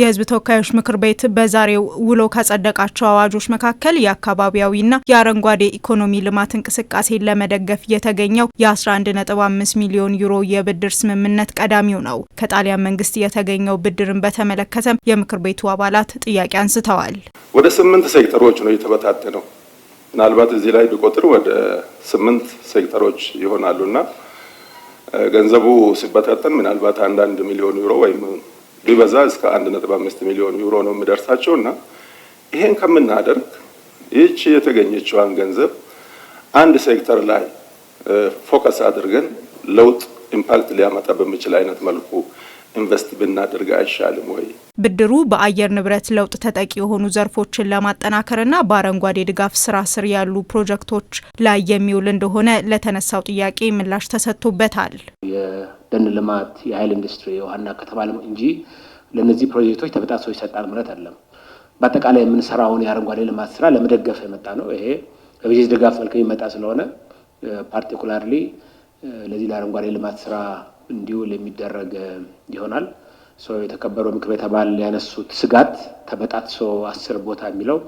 የህዝብ ተወካዮች ምክር ቤት በዛሬው ውሎ ካጸደቃቸው አዋጆች መካከል የአካባቢያዊና የአረንጓዴ ኢኮኖሚ ልማት እንቅስቃሴን ለመደገፍ የተገኘው የ11.5 ሚሊዮን ዩሮ የብድር ስምምነት ቀዳሚው ነው። ከጣሊያን መንግስት የተገኘው ብድርን በተመለከተም የምክር ቤቱ አባላት ጥያቄ አንስተዋል። ወደ ስምንት ሴክተሮች ነው ነው። ምናልባት እዚህ ላይ ቢቆጥር ወደ ስምንት ሴክተሮች ይሆናሉና ገንዘቡ ሲበታተን ምናልባት አንዳንድ ሚሊዮን ዩሮ ወይም ቢበዛ እስከ አንድ ነጥብ አምስት ሚሊዮን ዩሮ ነው የሚደርሳቸው እና ይሄን ከምናደርግ ይህቺ የተገኘችዋን ገንዘብ አንድ ሴክተር ላይ ፎከስ አድርገን ለውጥ ኢምፓክት ሊያመጣ በሚችል አይነት መልኩ ኢንቨስት ብናደርግ አይሻልም ወይ? ብድሩ በአየር ንብረት ለውጥ ተጠቂ የሆኑ ዘርፎችን ለማጠናከርና በአረንጓዴ ድጋፍ ስራ ስር ያሉ ፕሮጀክቶች ላይ የሚውል እንደሆነ ለተነሳው ጥያቄ ምላሽ ተሰጥቶበታል። ደን ልማት፣ የኃይል ኢንዱስትሪ፣ የውሃና ከተማ ልማት እንጂ ለእነዚህ ፕሮጀክቶች ተበጣጥሶ ይሰጣል ማለት አለም። በአጠቃላይ የምንሰራውን የአረንጓዴ ልማት ስራ ለመደገፍ የመጣ ነው። ይሄ በበጀት ድጋፍ መልክ የሚመጣ ስለሆነ ፓርቲኩላርሊ ለዚህ ለአረንጓዴ ልማት ስራ እንዲውል የሚደረግ ይሆናል። የተከበረው ምክር ቤት አባል ያነሱት ስጋት ተበጣጥሶ አስር ቦታ የሚለው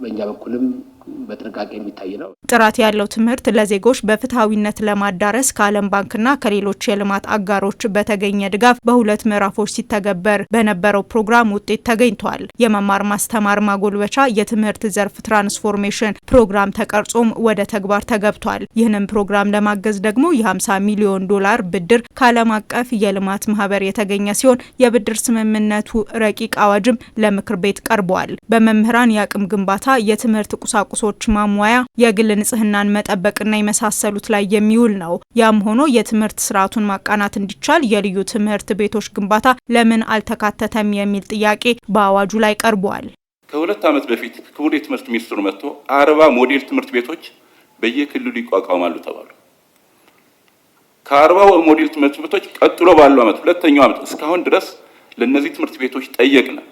በእኛ በኩልም በጥንቃቄ የሚታይ ነው። ጥራት ያለው ትምህርት ለዜጎች በፍትሐዊነት ለማዳረስ ከዓለም ባንክና ከሌሎች የልማት አጋሮች በተገኘ ድጋፍ በሁለት ምዕራፎች ሲተገበር በነበረው ፕሮግራም ውጤት ተገኝቷል። የመማር ማስተማር ማጎልበቻ የትምህርት ዘርፍ ትራንስፎርሜሽን ፕሮግራም ተቀርጾም ወደ ተግባር ተገብቷል። ይህንን ፕሮግራም ለማገዝ ደግሞ የ50 ሚሊዮን ዶላር ብድር ከዓለም አቀፍ የልማት ማህበር የተገኘ ሲሆን የብድር ስምምነቱ ረቂቅ አዋጅም ለምክር ቤት ቀርቧል። በመምህራን የአቅም ግንባታ የትምህርት ቁሳቁሶች ቤቶች ማሟያ፣ የግል ንጽህናን መጠበቅና የመሳሰሉት ላይ የሚውል ነው። ያም ሆኖ የትምህርት ስርዓቱን ማቃናት እንዲቻል የልዩ ትምህርት ቤቶች ግንባታ ለምን አልተካተተም የሚል ጥያቄ በአዋጁ ላይ ቀርቧል። ከሁለት ዓመት በፊት ክቡር የትምህርት ሚኒስትሩ መጥቶ አርባ ሞዴል ትምህርት ቤቶች በየክልሉ ይቋቋማሉ ተባሉ። ከአርባ ሞዴል ትምህርት ቤቶች ቀጥሎ ባለው ዓመት ሁለተኛው ዓመት እስካሁን ድረስ ለእነዚህ ትምህርት ቤቶች ነው?።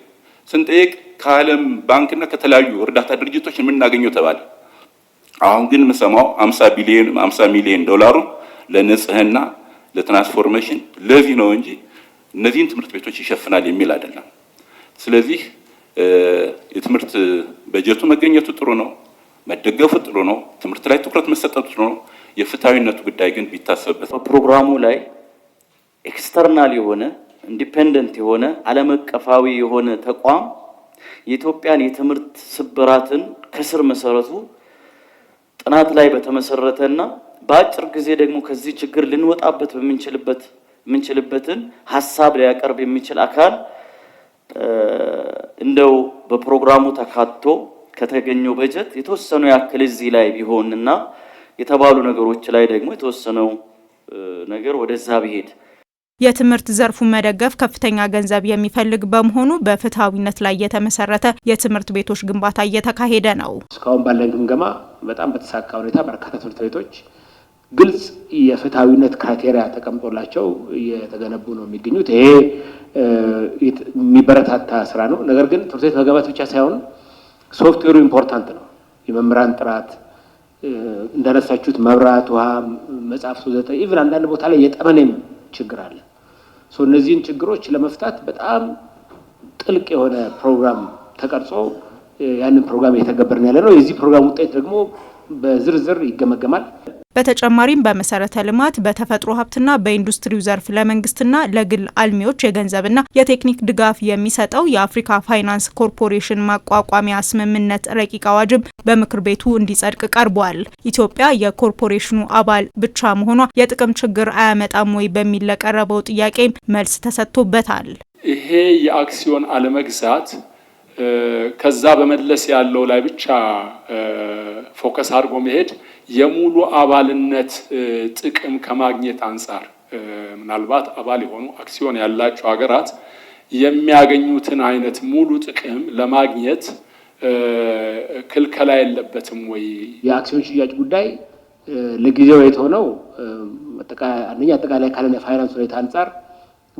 ስንጠይቅ ከዓለም ባንክና ከተለያዩ እርዳታ ድርጅቶች የምናገኘው ተባለ። አሁን ግን የምሰማው አምሳ ቢሊዮን አምሳ ሚሊዮን ዶላሩ ለንጽህና፣ ለትራንስፎርሜሽን ለዚህ ነው እንጂ እነዚህን ትምህርት ቤቶች ይሸፍናል የሚል አይደለም። ስለዚህ የትምህርት በጀቱ መገኘቱ ጥሩ ነው፣ መደገፉ ጥሩ ነው፣ ትምህርት ላይ ትኩረት መሰጠቱ ጥሩ ነው። የፍትሐዊነቱ ጉዳይ ግን ቢታሰብበት በፕሮግራሙ ላይ ኤክስተርናል የሆነ ኢንዲፔንደንት የሆነ ዓለም አቀፋዊ የሆነ ተቋም የኢትዮጵያን የትምህርት ስብራትን ከስር መሰረቱ ጥናት ላይ በተመሰረተ እና በአጭር ጊዜ ደግሞ ከዚህ ችግር ልንወጣበት በምንችልበት የምንችልበትን ሀሳብ ሊያቀርብ የሚችል አካል እንደው በፕሮግራሙ ተካቶ ከተገኘው በጀት የተወሰኑ ያክል እዚህ ላይ ቢሆን እና የተባሉ ነገሮች ላይ ደግሞ የተወሰነው ነገር ወደዛ ቢሄድ የትምህርት ዘርፉን መደገፍ ከፍተኛ ገንዘብ የሚፈልግ በመሆኑ በፍትሐዊነት ላይ የተመሰረተ የትምህርት ቤቶች ግንባታ እየተካሄደ ነው። እስካሁን ባለን ግምገማ በጣም በተሳካ ሁኔታ በርካታ ትምህርት ቤቶች ግልጽ የፍትሐዊነት ክራይቴሪያ ተቀምጦላቸው እየተገነቡ ነው የሚገኙት። ይሄ የሚበረታታ ስራ ነው። ነገር ግን ትምህርት ቤት መገባት ብቻ ሳይሆን ሶፍትዌሩ ኢምፖርታንት ነው። የመምህራን ጥራት እንዳነሳችሁት፣ መብራት፣ ውሃ፣ መጽሐፍ፣ ዘጠ ኢቭን አንዳንድ ቦታ ላይ የጠመኔም ችግር አለ። እነዚህን ችግሮች ለመፍታት በጣም ጥልቅ የሆነ ፕሮግራም ተቀርጾ ያንን ፕሮግራም እየተገበርን ያለ ነው። የዚህ ፕሮግራም ውጤት ደግሞ በዝርዝር ይገመገማል። በተጨማሪም በመሰረተ ልማት፣ በተፈጥሮ ሀብትና በኢንዱስትሪው ዘርፍ ለመንግስትና ለግል አልሚዎች የገንዘብና የቴክኒክ ድጋፍ የሚሰጠው የአፍሪካ ፋይናንስ ኮርፖሬሽን ማቋቋሚያ ስምምነት ረቂቅ አዋጅም በምክር ቤቱ እንዲጸድቅ ቀርቧል። ኢትዮጵያ የኮርፖሬሽኑ አባል ብቻ መሆኗ የጥቅም ችግር አያመጣም ወይ በሚል ለቀረበው ጥያቄም መልስ ተሰጥቶበታል። ይሄ የአክሲዮን አለመግዛት ከዛ በመለስ ያለው ላይ ብቻ ፎከስ አድርጎ መሄድ የሙሉ አባልነት ጥቅም ከማግኘት አንጻር ምናልባት አባል የሆኑ አክሲዮን ያላቸው ሀገራት የሚያገኙትን አይነት ሙሉ ጥቅም ለማግኘት ክልከላ የለበትም ወይ? የአክሲዮን ሽያጭ ጉዳይ ለጊዜው የተሆነው አንደኛ አጠቃላይ ካለን የፋይናንስ ሁኔታ አንጻር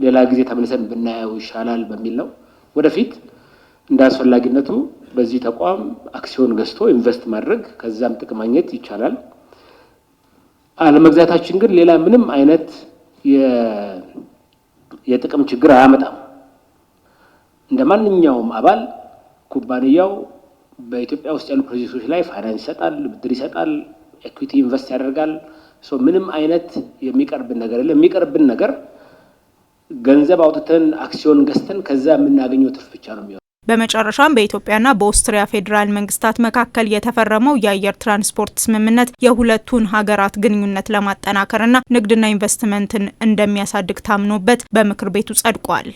ሌላ ጊዜ ተመልሰን ብናየው ይሻላል በሚል ነው ወደፊት እንደ አስፈላጊነቱ በዚህ ተቋም አክሲዮን ገዝቶ ኢንቨስት ማድረግ ከዛም ጥቅም ማግኘት ይቻላል። አለመግዛታችን ግን ሌላ ምንም አይነት የጥቅም ችግር አያመጣም። እንደ ማንኛውም አባል ኩባንያው በኢትዮጵያ ውስጥ ያሉ ፕሮጀክቶች ላይ ፋይናንስ ይሰጣል፣ ብድር ይሰጣል፣ ኤኩዊቲ ኢንቨስት ያደርጋል። ምንም አይነት የሚቀርብን ነገር የለም። የሚቀርብን ነገር ገንዘብ አውጥተን አክሲዮን ገዝተን ከዛ የምናገኘው ትርፍ ብቻ ነው የሚሆነው። በመጨረሻም በኢትዮጵያና በኦስትሪያ ፌዴራል መንግስታት መካከል የተፈረመው የአየር ትራንስፖርት ስምምነት የሁለቱን ሀገራት ግንኙነት ለማጠናከርና ንግድና ኢንቨስትመንትን እንደሚያሳድግ ታምኖበት በምክር ቤቱ ጸድቋል።